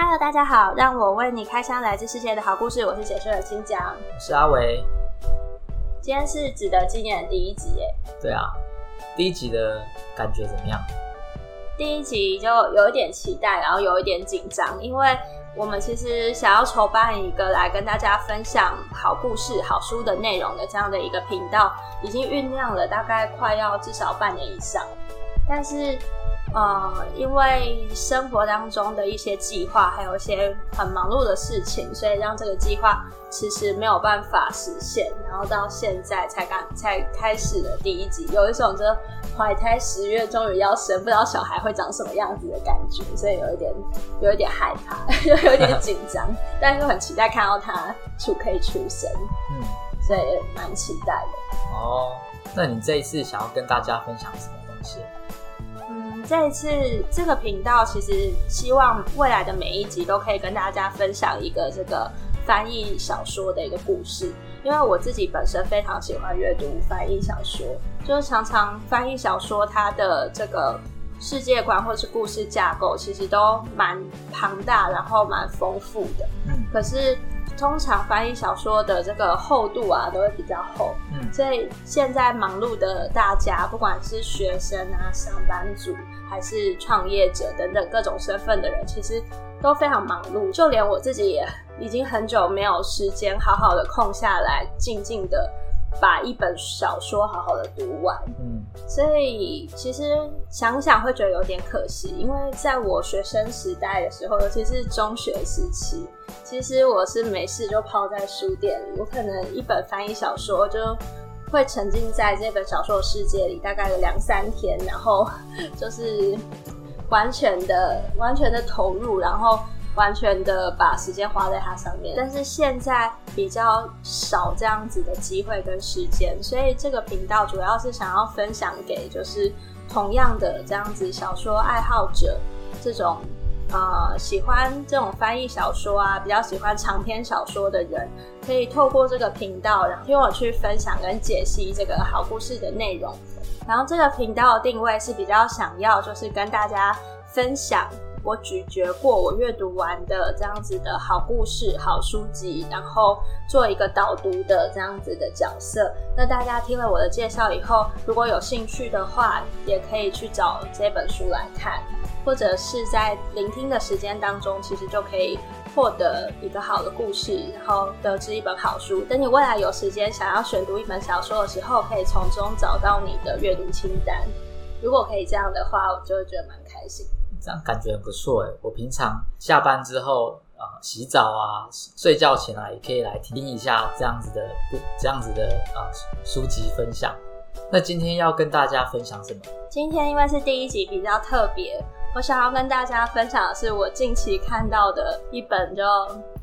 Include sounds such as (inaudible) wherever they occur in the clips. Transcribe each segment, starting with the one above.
Hello，大家好，讓我為你開箱來自世界的好故事。我是解書人馨醬，我是阿維。今天是值得紀念的第一集耶。對啊，第一集的感覺怎麼樣？第一集就有一點期待，然後有一點緊張，因為我們其實想要籌辦一個來跟大家分享好故事、好書的內容的這樣的一個頻道，已經醞釀了大概快要至少半年以上，但是。呃，因為生活當中的一些計劃，還有一些很忙碌的事情，所以讓這個計劃其實沒有辦法實現。然後到現在才剛才開始的第一集，有一種就是懷胎十月終於要生，不知道小孩會長什麼樣子的感覺，所以有一點有一點害怕，又 (laughs) 有一點緊張， (laughs) 但是很期待看到他出可以出生。嗯，所以蠻期待的。哦，那你這一次想要跟大家分享什麼東西？這一次這個頻道其實希望未來的每一集都可以跟大家分享一個這個翻譯小說的一個故事，因為我自己本身非常喜歡閱讀翻譯小說，就是常常翻譯小說它的這個世界觀或是故事架構其實都蠻龐大，然後蠻豐富的，可是通常翻譯小說的這個厚度啊都會比較厚，所以現在忙碌的大家，不管是學生啊、上班族。還是創業者等等各種身份的人，其實都非常忙碌。就連我自己也已經很久沒有時間好好的空下來，靜靜的把一本小說好好的讀完。嗯，所以其實想想會覺得有點可惜，因為在我學生時代的時候，尤其是中學時期，其實我是沒事就泡在書店裡，我可能一本翻譯小說就。會沉浸在這本小說的世界裡，大概有兩三天，然後就是完全的、完全的投入，然後完全的把時間花在它上面。但是現在比較少這樣子的機會跟時間，所以這個頻道主要是想要分享給就是同樣的這樣子小說愛好者這種。呃、嗯，喜歡這種翻譯小說啊，比較喜歡長篇小說的人，可以透過這個頻道然後聽我去分享跟解析這個好故事的內容。然後，這個頻道的定位是比較想要就是跟大家分享。我咀嚼過我閱讀完的這樣子的好故事、好書籍，然後做一個導讀的這樣子的角色。那大家聽了我的介紹以後，如果有興趣的話，也可以去找這本書來看，或者是在聆聽的時間當中，其實就可以獲得一個好的故事，然後得知一本好書。等你未來有時間想要選讀一本小說的時候，可以從中找到你的閱讀清單。如果可以這樣的話，我就會覺得蠻開心。這樣感覺很不錯，我平常下班之後啊、呃，洗澡啊，睡覺前啊，也可以來聽一下這樣子的這樣子的啊、呃、書籍分享。那今天要跟大家分享什麼？今天因為是第一集比較特別，我想要跟大家分享的是我近期看到的一本就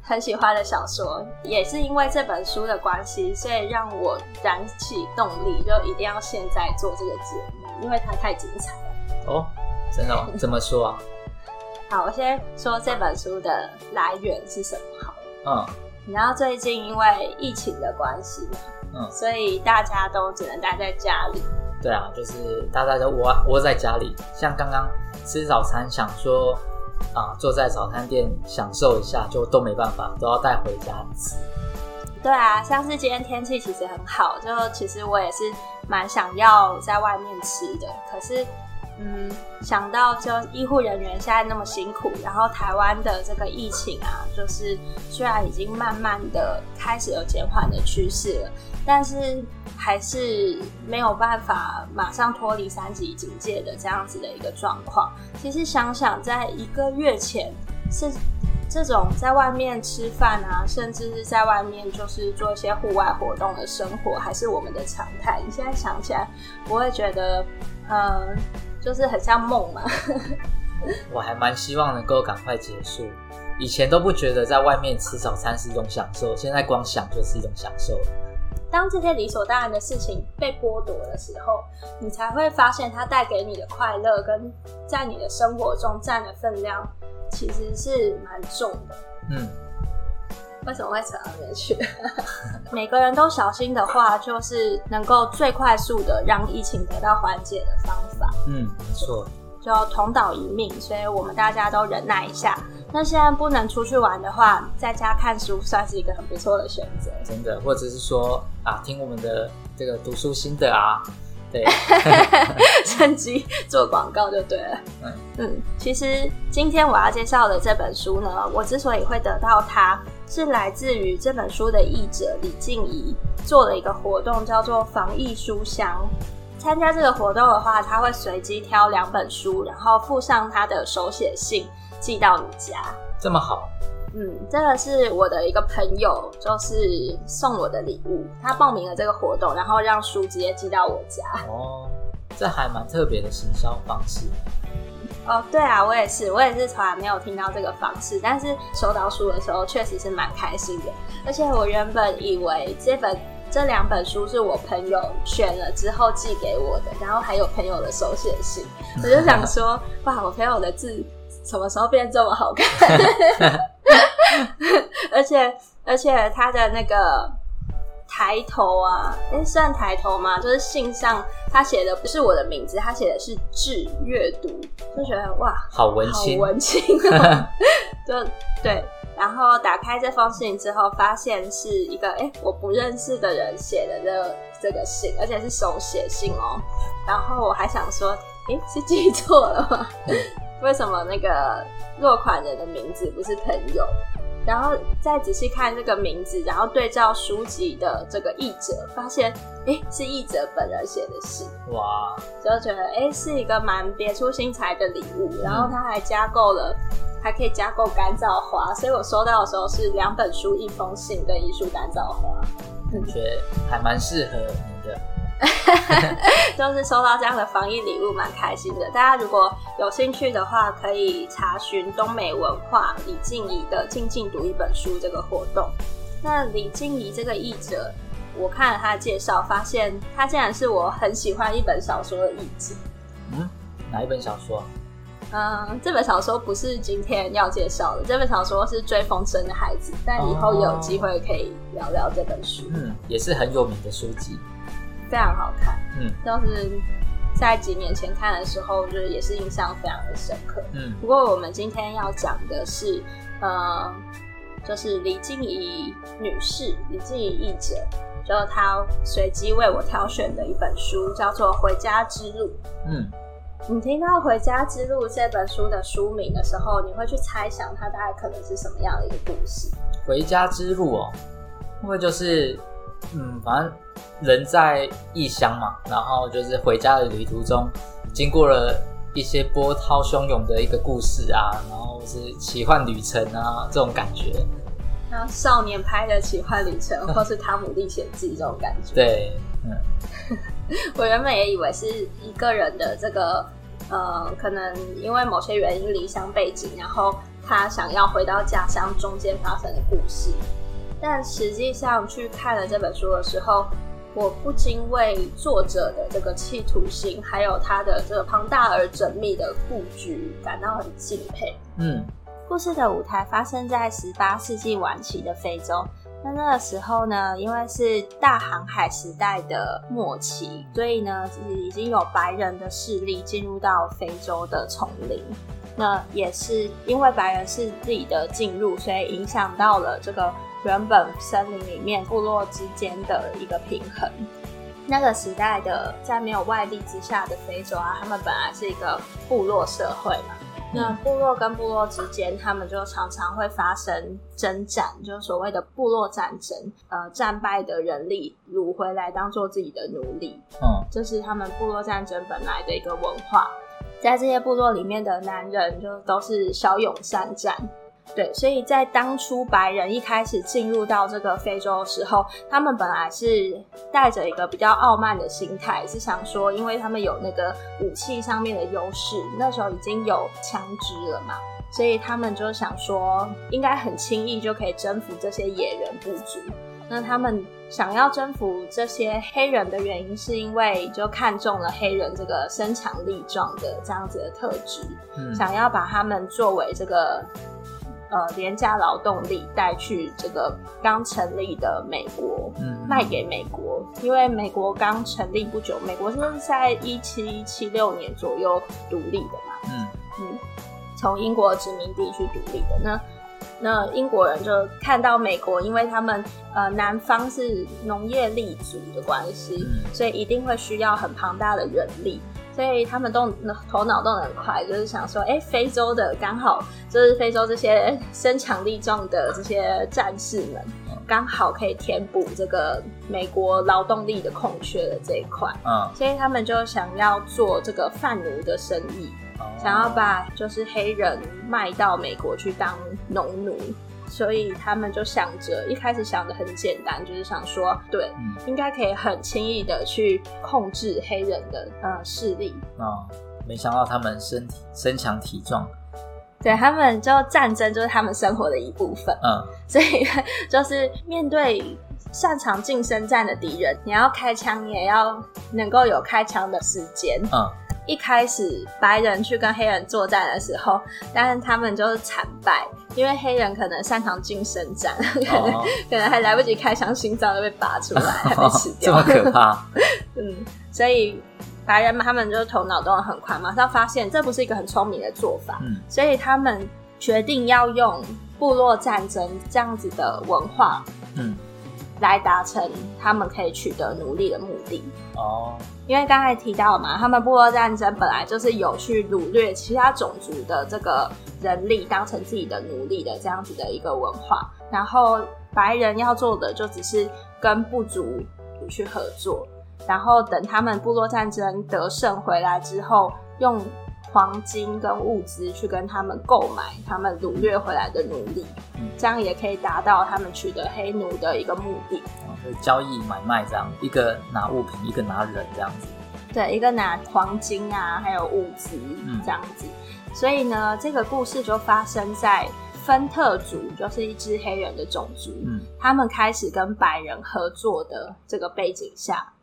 很喜歡的小說，也是因為這本書的關係，所以讓我燃起動力，就一定要現在做這個節目，因為它太精彩了哦。真的、喔？ (laughs) 怎麼說、啊？好，我先說這本書的來源是什麼好。好，嗯，然後最近因為疫情的關係，嗯，所以大家都只能待在家裡。對啊，就是大家都窩窩在家裡，像剛剛吃早餐，想說啊、呃，坐在早餐店享受一下，就都沒辦法，都要帶回家吃。對啊，像是今天天氣其實很好，就其實我也是蠻想要在外面吃的，可是。嗯，想到就醫護人員現在那麼辛苦，然後台灣的這個疫情啊，就是雖然已經慢慢的開始有減緩的趨勢了，但是還是沒有辦法馬上脫離三級警戒的這樣子的一個狀況。其實想想，在一個月前，是這種在外面吃飯啊，甚至是在外面就是做一些戶外活動的生活，還是我們的常態。你現在想起來，不會覺得，嗯。就是很像夢嘛。呵呵，我還蠻希望能夠趕快結束。以前都不覺得在外面吃早餐是一種享受，現在光想就是一種享受。當這些理所當然的事情被剝奪的時候，你才會發現它帶給你的快樂，跟在你的生活中占的分量，其實是蠻重的。嗯。為什麼會扯到那邊去？ (laughs) 每個人都小心的話，就是能夠最快速的讓疫情得到緩解的方法。嗯，沒錯，就同島一命，所以我們大家都忍耐一下。那現在不能出去玩的話，在家看書算是一個很不錯的選擇。真的，或者是說啊，聽我們的這個讀書心得啊，對，趁 (laughs) 機 (laughs) 做廣告就對了。嗯嗯，其實今天我要介紹的這本書呢，我之所以會得到它。是來自於這本書的譯者李靜怡做了一個活動，叫做“防疫書箱”。參加這個活動的話，他會隨機挑兩本書，然後附上他的手寫信寄到你家。這麼好？嗯，這個是我的一個朋友，就是送我的禮物。他報名了這個活動，然後讓書直接寄到我家。哦，這還蠻特別的行銷方式。哦，oh, 對啊，我也是，我也是從來沒有聽到這個方式，但是收到書的時候確實是蠻開心的。而且我原本以為這本這兩本書是我朋友選了之後寄給我的，然後還有朋友的手寫信，我就想說，哇，我朋友的字什麼時候變這麼好看？ (laughs) (laughs) 而且，而且他的那個。抬頭啊，哎、欸，算抬頭嗎？就是信上他寫的不是我的名字，他寫的是致閱讀，就覺得哇，好文清，好文清啊、喔！ (laughs) 就對，然後打開這封信之後，發現是一個哎、欸、我不認識的人寫的這個、這個信，而且是手寫信哦、喔。然後我還想說，誒、欸、是記錯了嗎？ (laughs) 為什麼那個落款人的名字不是朋友？然後再仔細看這個名字，然後對照書籍的這個譯者，發現哎，是譯者本人寫的信，哇，就覺得哎，是一個蠻別出心裁的禮物，然後他還加購了，嗯、還可以加購乾燥花，所以我收到的時候是兩本書、一封信跟一束乾燥花，感覺還蠻適合。 (laughs) (laughs) (laughs) 就是收到這樣的防疫禮物，蠻開心的。大家如果有興趣的話，可以查詢東美文化李靜宜的《靜靜讀一本書》這個活動。那李靜宜這個譯者，我看了她的介紹，發現她竟然是我很喜歡一本小說的譯者。嗯，哪一本小說啊？嗯，這本小說不是今天要介紹的。這本小說是《追風箏的孩子》，但以後也有機會可以聊聊這本書。哦。嗯，也是很有名的書籍。非常好看，嗯，就是在幾年前看的時候，就也是印象非常的深刻，嗯。不過我們今天要講的是，嗯、呃，就是李靜怡女士，李靜怡譯者，就她隨機為我挑選的一本書，叫做《回家之路》，嗯。你聽到《回家之路》這本書的書名的時候，你會去猜想它大概可能是什麼樣的一個故事？回家之路哦，因為就是……嗯，反正人在異鄉嘛，然後就是回家的旅途中，經過了一些波濤洶湧的一個故事啊，然後是奇幻旅程啊這種感覺。那少年拍的奇幻旅程，或是他《湯姆歷險記》這種感覺。對，嗯、 (laughs) 我原本也以為是一個人的這個，呃，可能因為某些原因離鄉背井，然後他想要回到家鄉中間發生的故事。但實際上去看了這本書的時候，我不禁為作者的這個企圖心，還有他的這個龐大而縝密的布局感到很敬佩。嗯，故事的舞台發生在十八世紀晚期的非洲。那那個時候呢，因為是大航海時代的末期，所以呢，就是已經有白人的勢力進入到非洲的叢林。那也是因為白人是自己的進入，所以影響到了這個。原本森林裡面部落之間的一個平衡。那個時代的在沒有外力之下的非洲啊，他們本來是一個部落社會嘛。那部落跟部落之間，他們就常常會發生征戰，就所謂的部落戰爭。呃，戰敗的人力擄回來當做自己的奴隸，這是他們部落戰爭本來的一個文化。在這些部落裡面的男人，就都是驍勇善戰、戰。對，所以在當初白人一開始進入到這個非洲的時候，他們本來是帶着一個比較傲慢的心態，是想說，因為他們有那個武器上面的優勢，那時候已經有槍支了嘛，所以他們就想說，應該很輕易就可以征服這些野人部族。那他們想要征服這些黑人的原因，是因為就看中了黑人這個身強力壯的這樣子的特質，嗯、想要把他們作為這個。呃，廉價勞動力帶去這個剛成立的美國，嗯、賣給美國，因為美國剛成立不久，美國是不是在一七七六年左右獨立的嘛，嗯嗯，從、嗯、英國殖民地，去獨立的。那那英國人就看到美國，因為他們呃南方是農業立足的關係，嗯、所以一定會需要很龐大的人力。所以他們都頭腦，動得很快，就是想說，哎、欸，非洲的剛好就是非洲這些身強力壯的這些戰士們，剛好可以填補這個美國勞動力的空缺的這一塊。嗯，所以他們就想要做這個販奴的生意，想要把就是黑人賣到美國去當農奴。所以他們就想着，一開始想得很簡單，就是想說，對，嗯、應該可以很輕易的去控制黑人的嗯勢力。啊、哦，沒想到他們身體身強體壯。對他們，就戰爭就是他們生活的一部分。嗯，所以就是面對擅長近身戰的敵人，你要開槍，也要能夠有開槍的時間。嗯。一開始白人去跟黑人作戰的時候，但是他們就是慘敗，因為黑人可能擅長近身戰，可能、oh. 可能還來不及開槍，心臟就被拔出來，oh. 還被吃掉，這麼可怕。 (laughs) 嗯，所以白人嘛，他們就頭腦動很快，馬上發現這不是一個很聰明的做法，嗯、所以他們決定要用部落戰爭這樣子的文化，嗯。來達成他們可以取得奴隸的目的哦，因為剛才提到嘛，他們部落戰爭本來就是有去擄掠其他種族的這個人力，當成自己的奴隸的這樣子的一個文化。然後白人要做的就只是跟部族去合作，然後等他們部落戰爭得勝回來之後，用，黃金跟物資去跟他們購買他們擄掠回來的奴隸，嗯、這樣也可以達到他們取得黑奴的一個目的。哦、交易買賣這樣，一個拿物品，一個拿人這樣子。對，一個拿黃金啊，還有物資這樣子。嗯、所以呢，這個故事就發生在芬特族，就是一支黑人的種族，嗯、他們開始跟白人合作的這個背景下。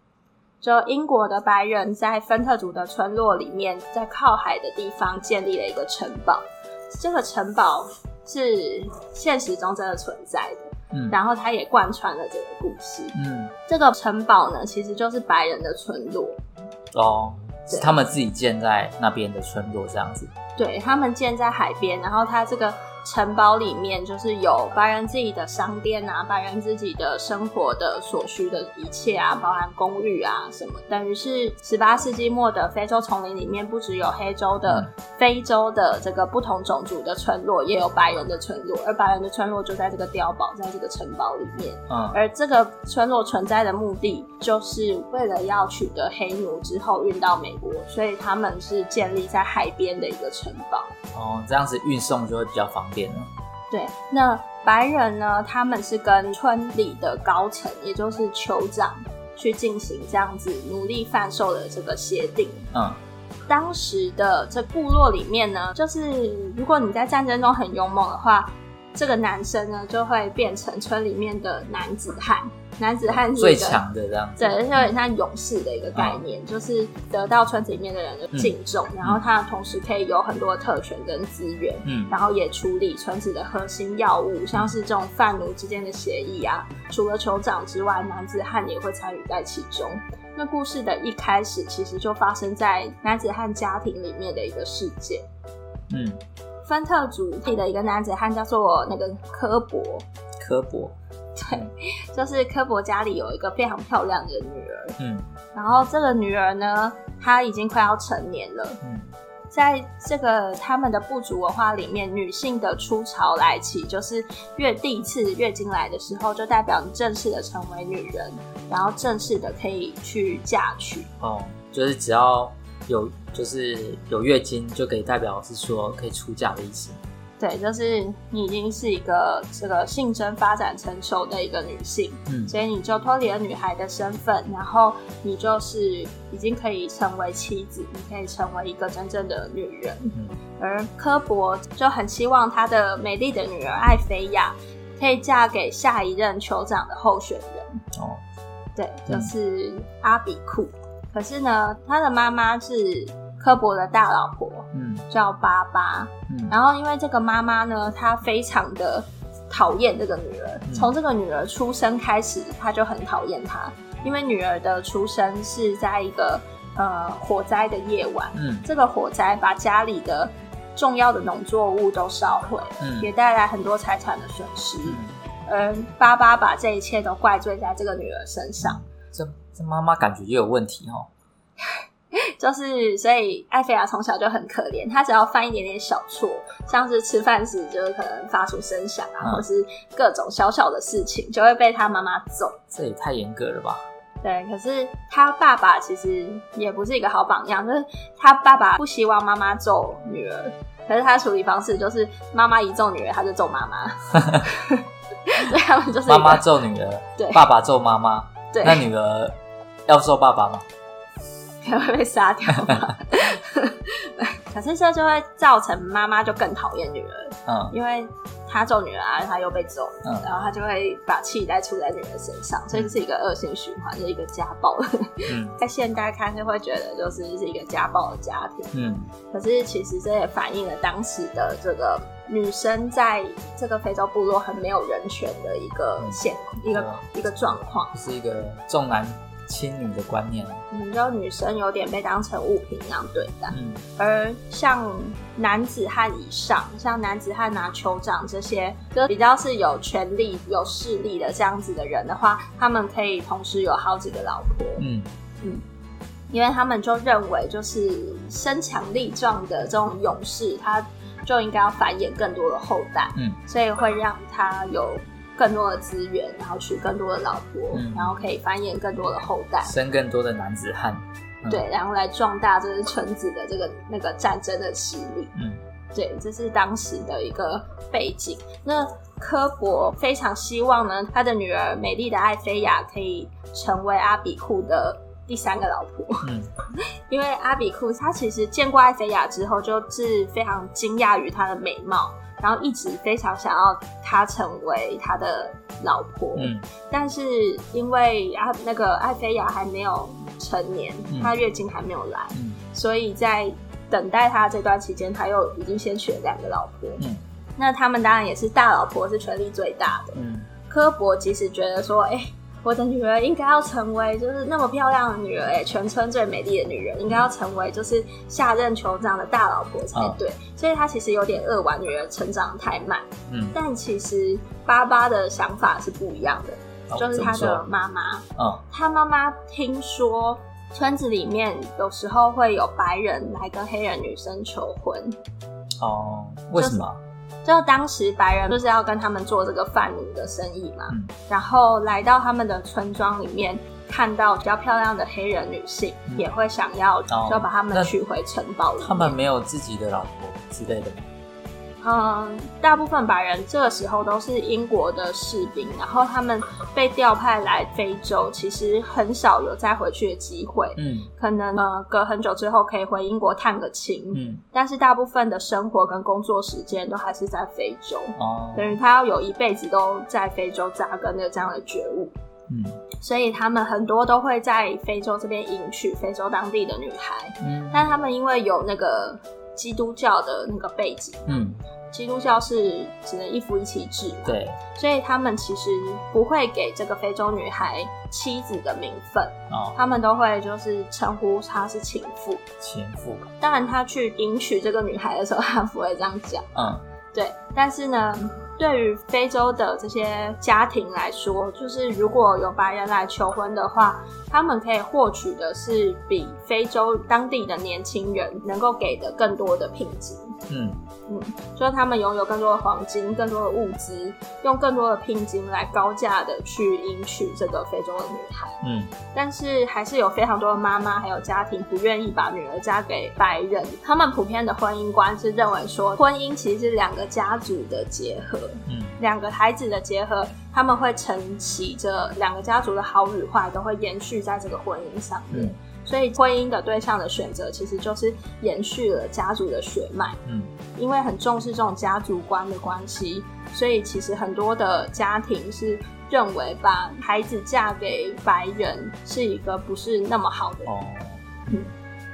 就英國的白人在芬特族的村落裡面，在靠海的地方建立了一個城堡。這個城堡是現實中真的存在的，嗯，然後它也貫穿了這個故事，嗯，這個城堡呢，其實就是白人的村落，哦，他們自己建在那邊的村落這樣子，對，他們建在海邊，然後它這個。城堡裡面就是有白人自己的商店啊，白人自己的生活的所需的一切啊，包含公寓啊什麼的。等於是十八世紀末的非洲叢林裡面，不只有黑洲的非洲的這個不同種族的村落，也有白人的村落。而白人的村落就在這個碉堡，在這個城堡裡面。嗯。而這個村落存在的目的，就是為了要取得黑奴之後運到美國，所以他們是建立在海邊的一個城堡。哦，這樣子運送就會比較方便了。對，那白人呢？他們是跟村裡的高層，也就是酋長，去進行這樣子奴隸販售的這個協定。嗯，當時的這部落裡面呢，就是如果你在戰爭中很勇猛的話。這個男生呢，就會變成村裡面的男子漢，男子漢最強的這樣，對，是有點像勇士的一個概念，嗯、就是得到村子裡面的人的敬重，嗯、然後他同時可以有很多的特權跟資源，嗯，然後也處理村子的核心要務。嗯、像是這種販奴之間的協議啊。除了酋長之外，男子漢也會參與在其中。那故事的一開始，其實就發生在男子漢家庭裡面的一個事件，嗯。班特主體的一個男子漢叫做那個科博，科博伯，對，就是科博家裡有一個非常漂亮的女兒，嗯，然後這個女兒呢，她已經快要成年了，嗯，在這個他們的部族文化裡面，女性的初潮來起，就是月第一次月經來的時候，就代表你正式的成為女人，然後正式的可以去嫁娶，哦，就是只要，有就是有月經，就可以代表是說可以出嫁的意思。對，就是你已經是一個這個性徵發展成熟的一個女性，嗯，所以你就脫離了女孩的身份，然後你就是已經可以成為妻子，你可以成為一個真正的女人。嗯，而科博就很希望他的美麗的女兒艾菲亞可以嫁給下一任酋長的候選人。哦，對，就是阿比庫。嗯可是呢，他的媽媽是科博的大老婆，嗯，叫巴巴。嗯、然後因為這個媽媽呢，她非常的討厭這個女兒。嗯、從這個女兒出生開始，她就很討厭她，因為女兒的出生是在一個呃火災的夜晚。嗯，這個火災把家裡的重要的農作物都燒毀，嗯，也帶來很多財產的損失。嗯，而巴巴把這一切都怪罪在這個女兒身上。這媽媽感覺也有問題哦，就是所以艾菲亞從小就很可憐，她只要犯一點點小錯，像是吃飯時就是可能發出聲響啊，啊或是各種小小的事情，就會被她媽媽揍。這也太嚴格了吧？對，可是他爸爸其實也不是一個好榜樣，就是他爸爸不希望媽媽揍女兒，可是他的處理方式就是媽媽一揍女兒，他就揍媽媽。對他們就是媽媽揍女兒，對，爸爸揍媽媽，對，那女兒。要揍爸爸嗎？可能會被殺掉吧。 (laughs) 可是這就會造成媽媽就更討厭女兒，嗯，因為她揍女兒啊，她又被揍，嗯，然後她就會把氣帶出在女兒身上，所以這是一個惡性循環，是、嗯、一個家暴。嗯， (laughs) 在現代看就會覺得就是是一個家暴的家庭，嗯，可是其實這也反映了當時的這個女生在這個非洲部落很沒有人權的一個現、嗯、一個吧一個狀況，是一個重男。輕女的觀念，你知道女生有點被當成物品一樣對待，嗯，而像男子漢以上，像男子漢拿酋長這些，就比較是有權力、有勢力的這樣子的人的話，他們可以同時有好幾個老婆，嗯嗯，因為他們就認為就是身強力壯的這種勇士，他就應該要繁衍更多的後代，嗯，所以會讓他有。更多的資源，然後娶更多的老婆，嗯、然後可以繁衍更多的後代，生更多的男子漢。嗯、對，然後來壯大這個村子的這個那個戰爭的實力。嗯，對，這是當時的一個背景。那科博非常希望呢，他的女兒美麗的艾菲亞可以成為阿比庫的第三個老婆，嗯、 (laughs) 因為阿比庫他其實見過艾菲亞之後，就是非常驚訝於她的美貌。然後一直非常想要他成為他的老婆，嗯、但是因為那個艾菲亞還沒有成年，嗯、他月經還沒有來，嗯、所以在等待他這段期間，他又已經先娶了兩個老婆。嗯、那他們當然也是大老婆，是權力最大的。科博其實覺得說，哎、欸。我的女兒應該要成為就是那麼漂亮的女兒，欸、全村最美麗的女人，應該要成為就是下任酋長的大老婆才對。哦、所以她其實有點扼腕，女兒成長太慢。嗯、但其實爸爸的想法是不一樣的，哦、就是他的媽媽。哦哦、他媽媽聽說村子裡面有時候會有白人來跟黑人女生求婚。哦，為什麼？就當時白人就是要跟他們做這個販奴的生意嘛，嗯、然後來到他們的村莊裡面，看到比較漂亮的黑人女性，嗯、也會想要後就把他們娶回城堡裡面。他們沒有自己的老婆之類的。嗯，大部分白人這個時候都是英國的士兵，然後他們被調派來非洲，其實很少有再回去的機會嗯。嗯，可能隔很久之後可以回英國探個親。嗯，但是大部分的生活跟工作時間都還是在非洲。哦，等於他要有一輩子都在非洲扎根的這樣的覺悟。嗯，所以他們很多都會在非洲這邊迎娶非洲當地的女孩。嗯，但他們因為有那個。基督教的那個背景，嗯，基督教是只能一夫一妻制，對，所以他們其實不會給這個非洲女孩妻子的名分，哦，他們都會就是稱呼她是情婦，情婦。當然，他去迎娶這個女孩的時候，他不會這樣講，嗯，對，但是呢。對於非洲的這些家庭來說，就是如果有白人來求婚的話，他們可以獲取的是比非洲當地的年輕人能夠給的更多的聘金。嗯嗯，所以、嗯、他們擁有更多的黃金，更多的物資，用更多的聘金來高價的去迎娶這個非洲的女孩。嗯，但是還是有非常多的媽媽還有家庭不願意把女兒嫁給白人。他們普遍的婚姻觀是認為說，婚姻其實是兩個家族的結合，嗯，兩個孩子的結合，他們會承襲這兩個家族的好與壞，都會延續在這個婚姻上面。嗯所以婚姻的對象的選擇，其實就是延續了家族的血脈。嗯，因為很重視這種家族觀的關係，所以其實很多的家庭是認為把孩子嫁給白人是一個不是那麼好的人。哦，嗯，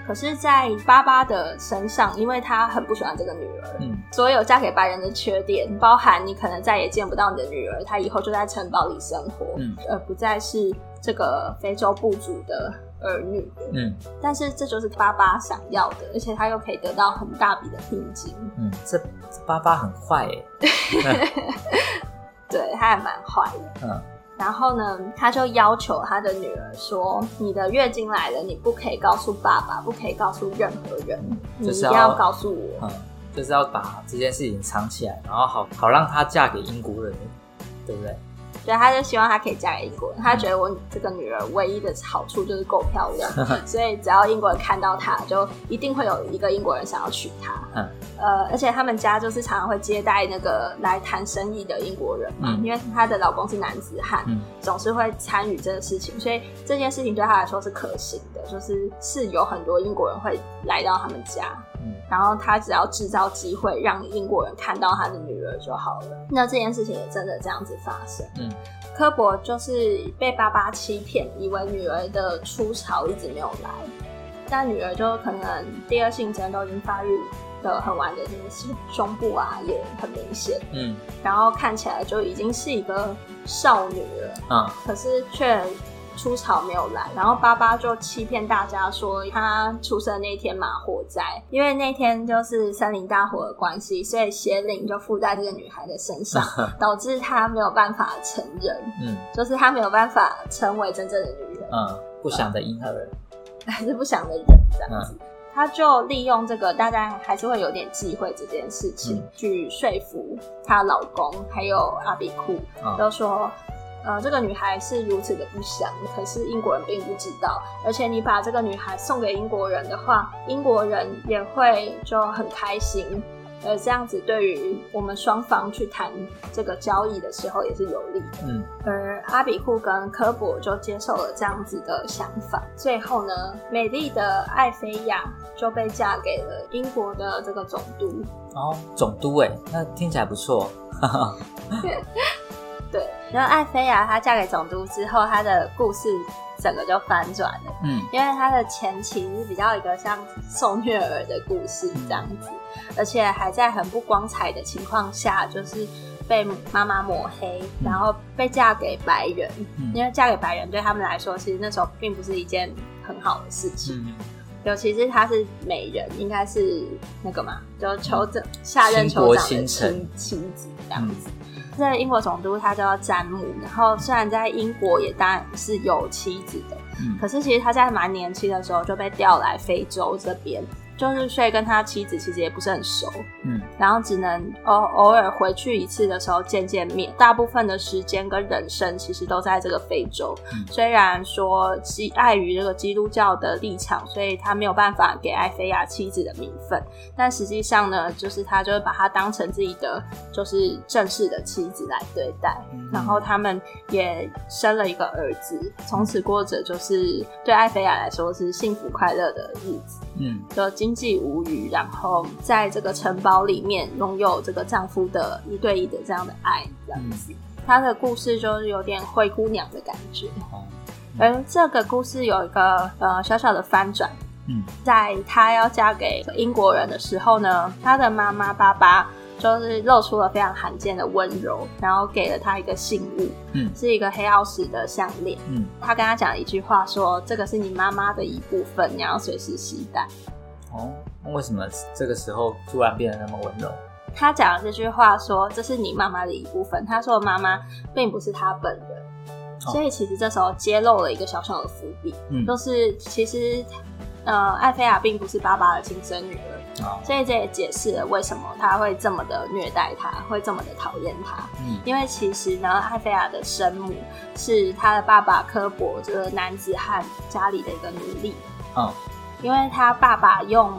可是在爸爸的身上，因為他很不喜歡這個女兒，嗯，所有嫁給白人的缺點，包含你可能再也見不到你的女兒，她以後就在城堡裡生活，嗯，而不再是這個非洲部族的。兒女，嗯，但是這就是爸爸想要的，而且他又可以得到很大筆的聘金，嗯，這，這爸爸很壞耶。 (laughs) (laughs) 對，他還蠻壞的，嗯，然後呢，他就要求他的女兒說，你的月經來了，你不可以告訴爸爸，不可以告訴任何人，嗯，就是、你一定要告訴我，嗯，就是要把這件事情藏起來，然後好好讓她嫁給英國人，對不對？所以他就希望他可以嫁給英國人，他覺得我這個女兒唯一的好處就是夠漂亮，所以只要英國人看到她，就一定會有一個英國人想要娶她。嗯，呃，而且他們家就是常常會接待那個來談生意的英國人嘛，因為她的老公是男子漢，總是會參與這個事情，所以這件事情對她來說是可行的，就是是有很多英國人會來到他們家。嗯、然後他只要製造機會讓英國人看到他的女兒就好了。那這件事情也真的這樣子發生。嗯，科博就是被爸爸欺騙，以為女兒的初潮一直沒有來，但女兒就可能第二性徵都已經發育得很完整，就是胸部啊也很明顯。嗯，然後看起來就已經是一個少女了。嗯、啊，可是却。初潮沒有來，然後爸爸就欺騙大家說他出生那天馬火災，因為那天就是森林大火的關係，所以邪靈就附在這個女孩的身上， (laughs) 導致她沒有辦法成人，嗯，就是她沒有辦法成為真正的女人，嗯，不祥的嬰兒，啊、還是不祥的人這樣子，她、嗯、就利用這個大家還是會有點忌諱這件事情，嗯、去說服她老公還有阿比庫，嗯、都說。呃，這個女孩是如此的不祥，可是英國人並不知道。而且你把這個女孩送給英國人的話，英國人也會就很開心。呃，這樣子對於我們雙方去談這個交易的時候也是有利的。嗯，而阿比庫跟科博就接受了這樣子的想法。最後呢，美麗的艾菲亞就被嫁給了英國的這個總督。哦，總督，欸，哎，那聽起來不錯。 (laughs) (laughs) 對，然後艾菲亞她嫁給總督之後，她的故事整個就翻轉了。嗯，因為她的前情是比較一個像受虐兒的故事這樣子，嗯、而且還在很不光彩的情況下，就是被媽媽抹黑，嗯、然後被嫁給白人。嗯、因為嫁給白人對他們來說，其實那時候並不是一件很好的事情。嗯、尤其是她是美人，應該是那個嘛，就酋長、嗯、下任酋長的親親子這樣子。嗯在英國總督，他叫詹姆。然後雖然在英國也當然是有妻子的，可是其實他在蠻年輕的時候就被調來非洲這邊，就是所以跟他妻子其實也不是很熟。嗯、然後只能偶偶爾回去一次的時候見見面，大部分的時間跟人生其實都在這個非洲。嗯、雖然說基礙於這個基督教的立場，所以他沒有辦法給艾菲亞妻子的名分，但實際上呢，就是他就是把他當成自己的就是正式的妻子來對待。嗯嗯，然後他們也生了一個兒子，從此過着就是對艾菲亞來說是幸福快樂的日子。嗯，就經濟無虞然後在這個城堡裡面擁有這個丈夫的一對一的這樣的愛，這樣子，她的故事就是有點灰姑娘的感覺。而這個故事有一個呃小小的翻轉。嗯，在她要嫁給英國人的時候呢，她的媽媽爸爸就是露出了非常罕見的溫柔，然後給了她一個信物，是一個黑曜石的項鏈。嗯，他跟她講一句話說：“這個是你媽媽的一部分，你要隨時攜帶。”哦，那為什麼這個時候突然變得那麼溫柔？他講的這句話說：“這是你媽媽的一部分。”他說：“媽媽並不是他本人。”哦，所以其實這時候揭露了一個小小的伏筆，嗯、就是其實呃，艾菲亞並不是爸爸的親生女兒。哦、所以這也解釋了為什麼他會這麼的虐待她，會這麼的討厭她。嗯，因為其實呢，艾菲亞的生母是她的爸爸科博，就是男子漢家裡的一個奴隸。哦因為他爸爸用，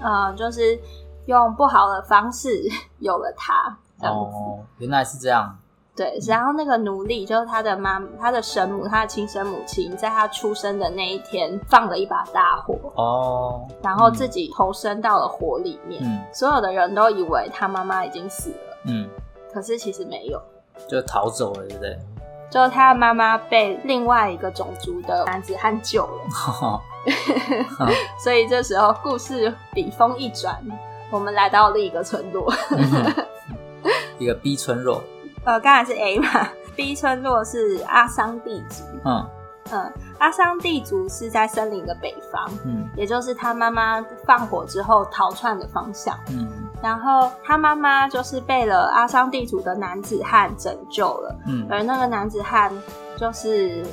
呃，就是用不好的方式有了他，這樣子。哦，原來是這樣。對，然後那個奴隸就是他的媽，他的生母，他的親生母親，在他出生的那一天放了一把大火哦，然後自己投身到了火裡面。嗯，所有的人都以為他媽媽已經死了，嗯，可是其實沒有，就逃走了，對不對？就他媽媽被另外一個種族的男子漢救了，哦啊、 (laughs) 所以這時候故事筆鋒一轉，我們來到另一個村落、 (laughs) 嗯，一個 B 村落。呃，剛才是 A 嘛，B 村落是阿桑地族，嗯嗯，阿桑地族是在森林的北方，嗯，也就是他媽媽放火之後逃竄的方向，嗯。然後他媽媽就是被了阿商地主的男子漢拯救了，嗯，而那個男子漢就是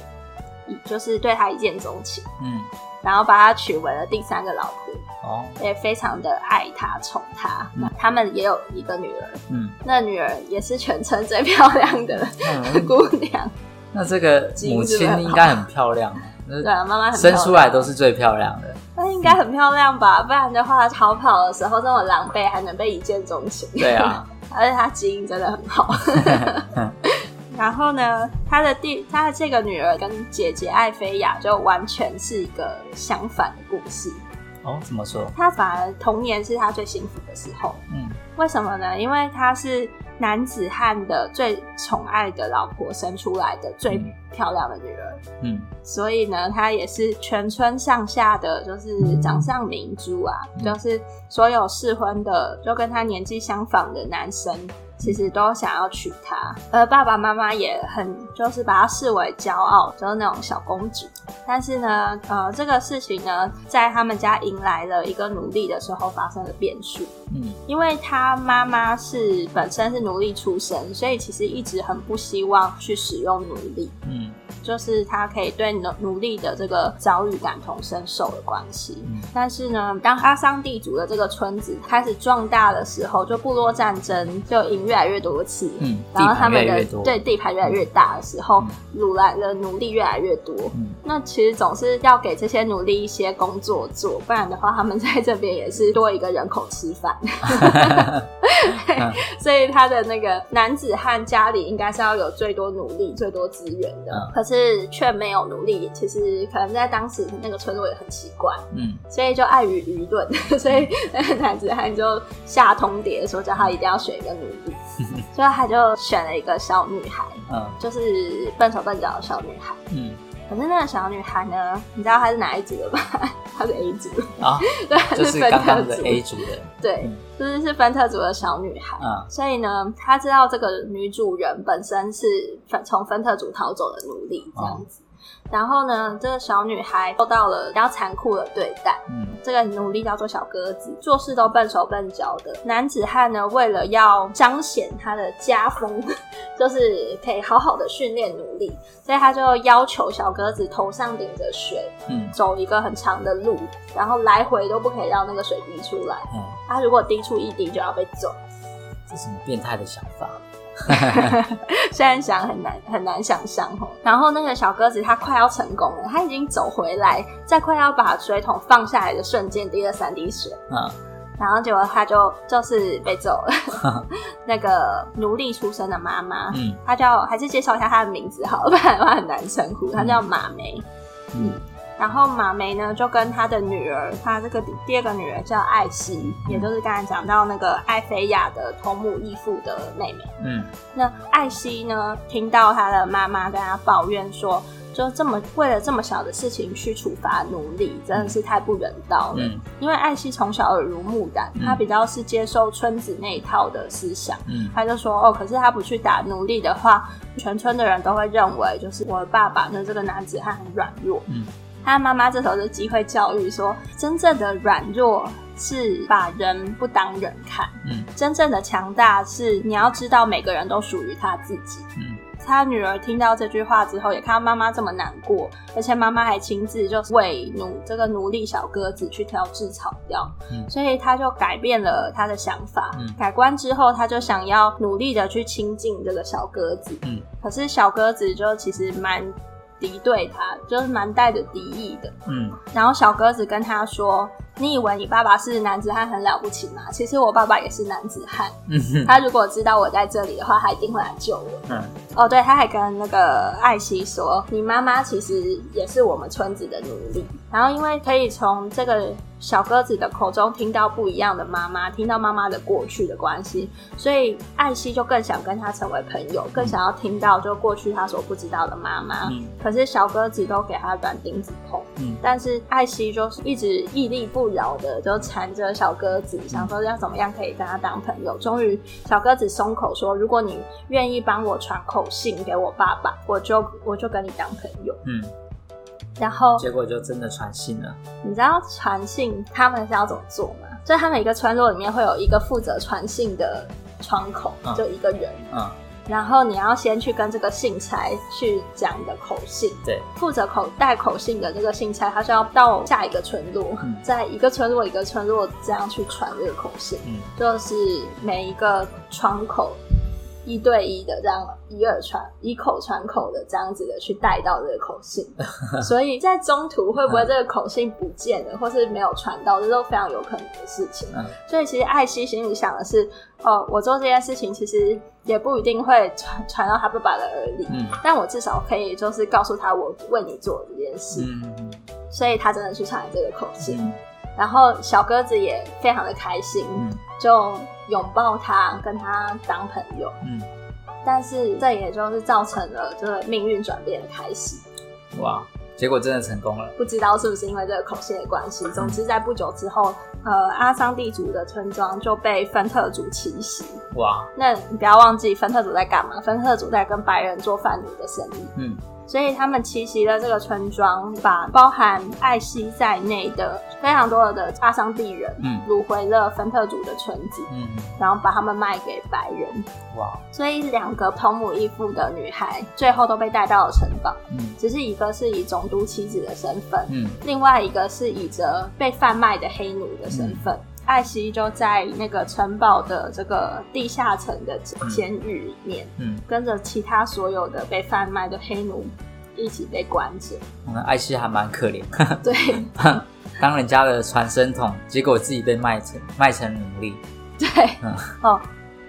就是對他一見鍾情，嗯，然後把他娶為了第三個老婆，哦，也非常的愛他，寵他，那、嗯、他們也有一個女兒，嗯，那女兒也是全村最漂亮的、嗯、 (laughs) 姑娘，那這個母親應該很漂亮。對啊，媽媽很漂亮，生出來都是最漂亮的。那應該很漂亮吧，是不然的話他逃跑的時候這麼狼狽，還能被一見鍾情？對啊， (laughs) 而且她基因真的很好。 (laughs) (laughs) (laughs) 然後呢，他的他的這個女兒跟姐姐艾菲亞就完全是一個相反的故事。哦，怎麼說？他反而童年是他最幸福的時候。嗯，為什麼呢？因為他是。男子漢的最寵愛的老婆生出來的最漂亮的女兒，嗯，嗯，所以呢，她也是全村上下的就是掌上明珠啊，嗯、就是所有適婚的，就跟她年紀相仿的男生，其實都想要娶她，而爸爸媽媽也很就是把她視為驕傲，就是那種小公主。但是呢，呃，這個事情呢，在他們家迎來了一個奴隸的時候發生了變數。嗯，因為他媽媽是本身是奴隸出身，所以其實一直很不希望去使用奴隸。嗯，就是他可以對奴奴隸的這個遭遇感同身受的關係。嗯，但是呢，當阿桑地主的這個村子開始壯大的時候，就部落戰爭就隱約。越來越多次，嗯、然後他們的地、越越、對地盤越來越大的時候，擄來的奴隸越來越多。嗯、那其實總是要給這些奴隸一些工作做，不然的話，他們在這邊也是多一個人口吃飯。所以他的那個男子漢家裡應該是要有最多奴隸、最多資源的，嗯、可是卻沒有奴隸。其實可能在當時那個村落也很奇怪，嗯，所，所以就礙於輿論，所以那個男子漢就下通牒說，叫他一定要選一個奴隸。 (laughs) 所以他就選了一個小女孩，嗯，就是笨手笨腳的小女孩，嗯。可是那個小女孩呢，你知道她是哪一組的吧？她是 A 組啊，哦、 (laughs) 對，是分特組的 A 組的，對，就是是分特組的小女孩。嗯，所以呢，她知道這個女主人本身是從分特組逃走的奴隸，這樣子。哦然後呢，這個小女孩受到了比較殘酷的對待。嗯，這個奴隸叫做小鴿子，做事，都笨手笨腳的。男子漢呢，為了要彰顯他的家風，就是可以好好的訓練奴隸。所以他就要求小鴿子頭上頂着水，嗯，走一個很長的路，然後來回都不可以讓那個水滴出來。嗯，他如果滴出一滴，就要被揍。這是你變態的想法？哈哈，雖然 (laughs) 想很難很難想象、喔、然後那個小鴿子它快要成功了，它已經走回來，在快要把水桶放下來的瞬間滴了三滴水，哦、然後結果他就就是被揍了。哦、 (laughs) 那個奴隸出身的媽媽，嗯，她叫還是介紹一下她的名字好了，不然的話很難稱呼。她叫馬梅，嗯。嗯然後馬梅呢，就跟他的女兒，他這個第二個女兒叫艾希，嗯、也就是剛才講到那個艾菲亞的同母異父的妹妹。嗯。那艾希呢，聽到他的媽媽跟他抱怨說，就這麼為了這麼小的事情去處罰奴隸，真的是太不人道了。嗯。因為艾希從小耳濡目染，他、嗯、比較是接受村子那一套的思想。嗯。他就說：“哦，可是他不去打奴隸的話，全村的人都會認為，就是我的爸爸那這個男子他很軟弱。”嗯。他媽媽這時候的機會教育說：“真正的軟弱是把人不當人看，嗯，真正的強大是你要知道每個人都屬於他自己。”嗯，他女兒聽到這句話之後，也看到媽媽這麼難過，而且媽媽還親自就為奴這個奴隸小鴿子去調製草藥，嗯，所以他就改變了他的想法，嗯，改觀之後他就想要努力的去親近這個小鴿子，嗯，可是小鴿子就其實蠻。敵對，他就是蠻帶着敵意的，嗯，然後小鴿子跟他說。你以為你爸爸是男子漢很了不起嗎？其實我爸爸也是男子漢。嗯哼，他如果知道我在這裡的話，他一定會來救我。嗯，哦，對，他還跟那個艾希說：“你媽媽其實也是我們村子的奴隸。”然後因為可以從這個小鴿子的口中聽到不一樣的媽媽，聽到媽媽的過去的關係，所以艾希就更想跟他成為朋友，更想要聽到就過去他所不知道的媽媽。可是小鴿子都給他軟釘子碰。嗯，但是艾希就是一直屹立不不饒的就纏着小鴿子，想說要怎麼樣可以跟他當朋友。終於，小鴿子鬆口說：“如果你願意幫我傳口信給我爸爸，我就我就跟你當朋友。”嗯，然後結果就真的傳信了。你知道傳信他們是要怎麼做嗎？所以他每個村落裡面會有一個負責傳信的窗口，嗯、就一個人。嗯。然後你要先去跟這個信差去講你的口信，對，負責口帶口信的這個信差，他是要到下一個村落，在、嗯、一個村落一個村落這樣去傳這個口信，嗯、就是每一個窗口。一對一的這樣，以耳傳以口傳口的這樣子的去帶到這個口信， (laughs) 所以在中途會不會這個口信不見了，啊、或是沒有傳到，這都非常有可能的事情。啊、所以其實艾希心裡想的是，哦、呃，我做這件事情其實也不一定會傳傳到他爸爸的耳裡，嗯、但我至少可以就是告訴他，我為你做這件事，嗯、所以他真的去傳這個口信。嗯然後小鴿子也非常的開心，嗯、就擁抱他，跟他當朋友。嗯、但是這也就是造成了這個命運轉變的開始。哇，結果真的成功了。不知道是不是因為這個口信的關係，總之在不久之後，呃、阿桑地族的村莊就被芬特族侵襲。哇，那你不要忘記芬特族在幹嘛？芬特族在跟白人做販奴的生意。嗯。所以他們侵襲了這個村莊，把包含艾希在內的非常多的阿桑蒂人，嗯，擄回了芬特族的村子，嗯，嗯，然後把他們賣給白人，哇！所以兩個同母異父的女孩最後都被帶到了城堡，嗯，只是一個是以總督妻子的身份，嗯，另外一個是以則被販賣的黑奴的身份。嗯艾希就在那個城堡的這個地下城的監獄裡面，嗯嗯、跟着其他所有的被販賣的黑奴一起被關着、嗯。艾希還蠻可憐。 (laughs) 對， (laughs) 當人家的傳聲筒，結果自己被賣成賣成奴隸。對，嗯、哦，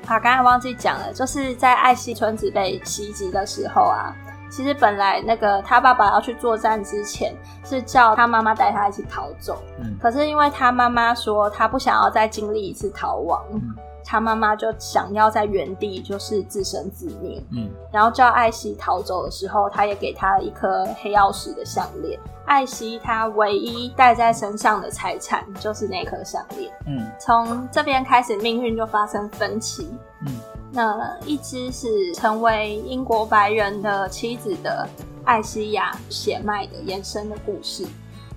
好、啊，剛才忘記講了，就是在艾希村子被襲擊的時候啊。其實本來那個他爸爸要去作戰之前，是叫他媽媽帶他一起逃走。嗯。可是因為他媽媽說他不想要再經歷一次逃亡，嗯。他媽媽就想要在原地就是自生自滅。嗯。然後叫艾希逃走的時候，他也給他了一顆黑曜石的項鏈。艾希他唯一帶在身上的財產就是那顆項鏈。從、嗯、這邊開始，命運就發生分歧。嗯。那、嗯、一支是成為英國白人的妻子的艾西亞血脈的延伸的故事，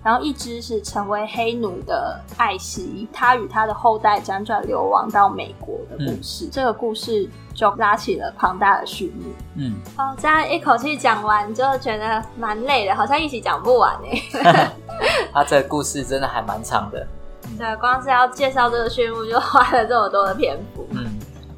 然後一支是成為黑奴的艾希，他與他的後代輾轉流亡到美國的故事。嗯、這個故事就拉起了龐大的序幕。嗯，好、哦，這樣一口氣講完就覺得蠻累的，好像一起講不完呢、欸。 (laughs) 他這個故事真的還蠻長的，對，光是要介紹這個序幕就花了這麼多的篇幅。嗯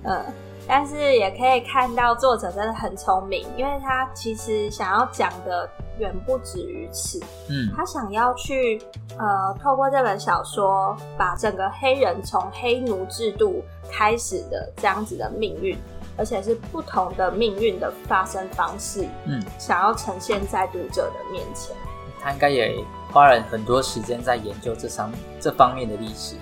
嗯。嗯但是也可以看到作者真的很聰明，因為他其實想要講的遠不止於此。嗯，他想要去，呃，透過這本小說，把整個黑人從黑奴制度開始的這樣子的命運，而且是不同的命運的發生方式，嗯，想要呈現在讀者的面前。他應該也花了很多時間在研究這方這方面的歷史。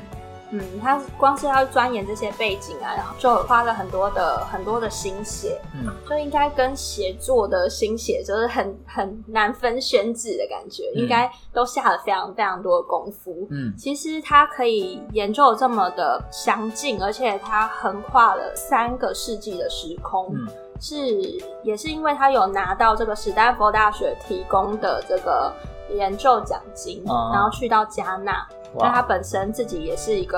嗯，他光是要鑽研這些背景啊，然後就花了很多的很多的心血。嗯，就應該跟寫作的心血，就是很很難分軒輊的感覺，嗯，應該都下了非常非常多的功夫。嗯，其實他可以研究這麼的詳盡，而且他橫跨了三個世紀的時空。嗯，是也是因為他有拿到這個史丹佛大學提供的這個。研究獎金，然後去到加納。那她、oh. Wow. 本身自己也是一個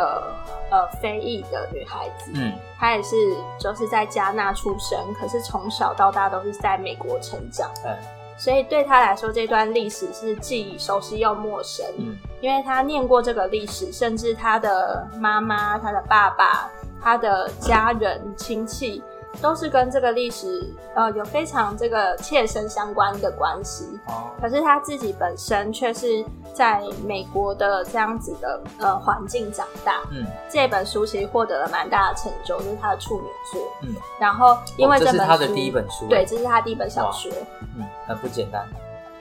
呃非裔的女孩子，嗯，她也是就是在加納出生，可是從小到大都是在美國成長，嗯、所以對她來說這段歷史是既熟悉又陌生，嗯、因為她念過這個歷史，甚至她的媽媽、她的爸爸、她的家人親、嗯、戚。都是跟這個歷史，呃，有非常這個切身相關的關係。哦。可是他自己本身卻是在美國的這樣子的、嗯、呃環境長大。嗯。這本書其實獲得了蠻大的成就，就是他的處女作。嗯。然後，因為、哦、這本書這是他的第一本書、啊。對，這是他第一本小說。嗯，很、嗯、不簡單。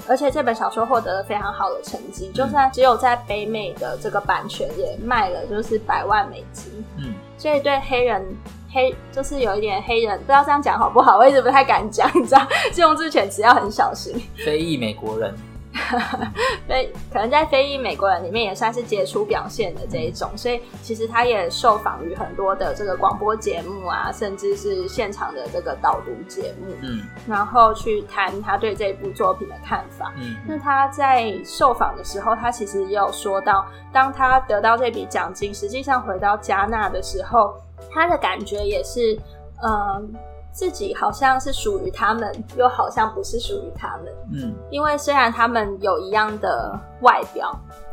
而且這本小說獲得了非常好的成績，嗯、就算他只有在北美的這個版權也賣了就是百萬美金。嗯。所以對黑人。黑就是有一點黑人，不知道這樣講好不好？我一直不太敢講，你知道，金庸之犬只要很小心非 (laughs) 非裔美國人，可能在非裔美國人裡面也算是傑出表現的這一種，嗯，所以其實他也受訪於很多的這個廣播節目啊，甚至是現場的這個導讀節目。嗯，然後去談他對這部作品的看法。嗯，那他在受訪的時候，他其實也有說到，當他得到這筆獎金，實際上回到加納的時候。他的感覺也是，呃，自己好像是屬於他們，又好像不是屬於他們。嗯，因為雖然他們有一樣的外表，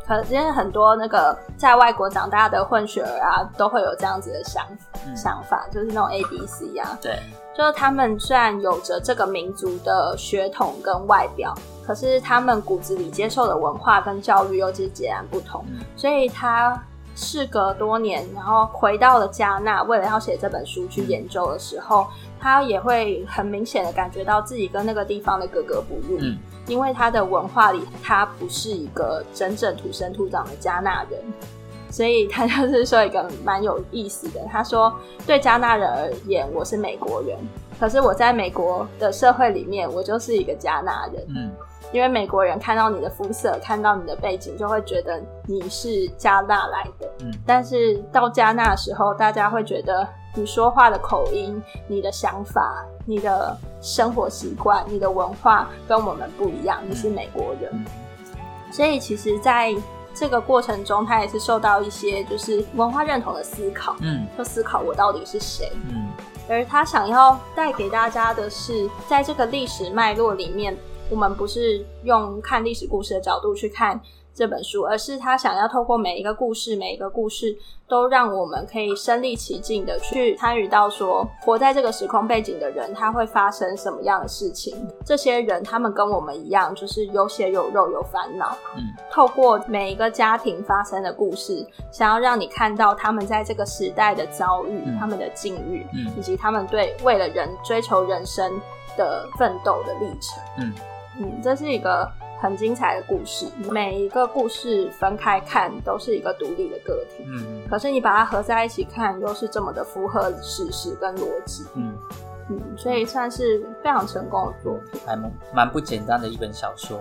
可是因為很多那個在外國長大的混血兒啊，都會有這樣子的想、嗯、想法，就是那種 A B C 啊。對，就是他們雖然有着這個民族的血統跟外表，可是他們骨子裡接受的文化跟教育又是截然不同，嗯、所以他。事隔多年，然後回到了加納，為了要寫這本書去研究的時候，他也會很明顯的感覺到自己跟那個地方的格格不入。嗯。因為他的文化裡，他不是一個真正土生土長的加納人，所以他就是說一個蠻有意思的。他說，對加納人而言，我是美國人，可是我在美國的社會裡面，我就是一個加納人。嗯。因為美國人看到你的膚色，看到你的背景，就會覺得你是迦納來的。嗯，但是到迦納的時候，大家會覺得你說話的口音、你的想法、你的生活習慣、你的文化跟我們不一樣，嗯，你是美國人。嗯，所以，其實在這個過程中，他也是受到一些就是文化認同的思考。嗯，就思考我到底是誰。嗯，而他想要帶給大家的是，在這個歷史脈絡裡面。我們不是用看歷史故事的角度去看這本書，而是他想要透過每一個故事，每一個故事都讓我們可以身歷其境的去參與到說活在這個時空背景的人，他會發生什麼樣的事情？這些人他們跟我們一樣，就是有血有肉有煩惱。嗯。透過每一個家庭發生的故事，想要讓你看到他們在這個時代的遭遇，嗯、他們的境遇，嗯、以及他們對為了人追求人生的奮鬥的歷程。嗯。嗯，這是一個很精彩的故事。每一個故事分開看都是一個獨立的個體，嗯，可是你把它合在一起看，又是這麼的符合事實跟邏輯，嗯，嗯，所以算是非常成功的作品，蠻蠻不簡單的一本小說。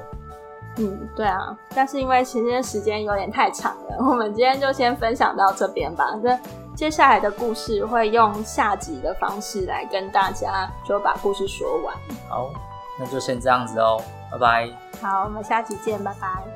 嗯，對啊。但是因為其實時間有點太長了，我們今天就先分享到這邊吧。那接下來的故事會用下集的方式來跟大家就把故事說完。好。那就先這樣子哦，拜拜。好，我們下期見，拜拜。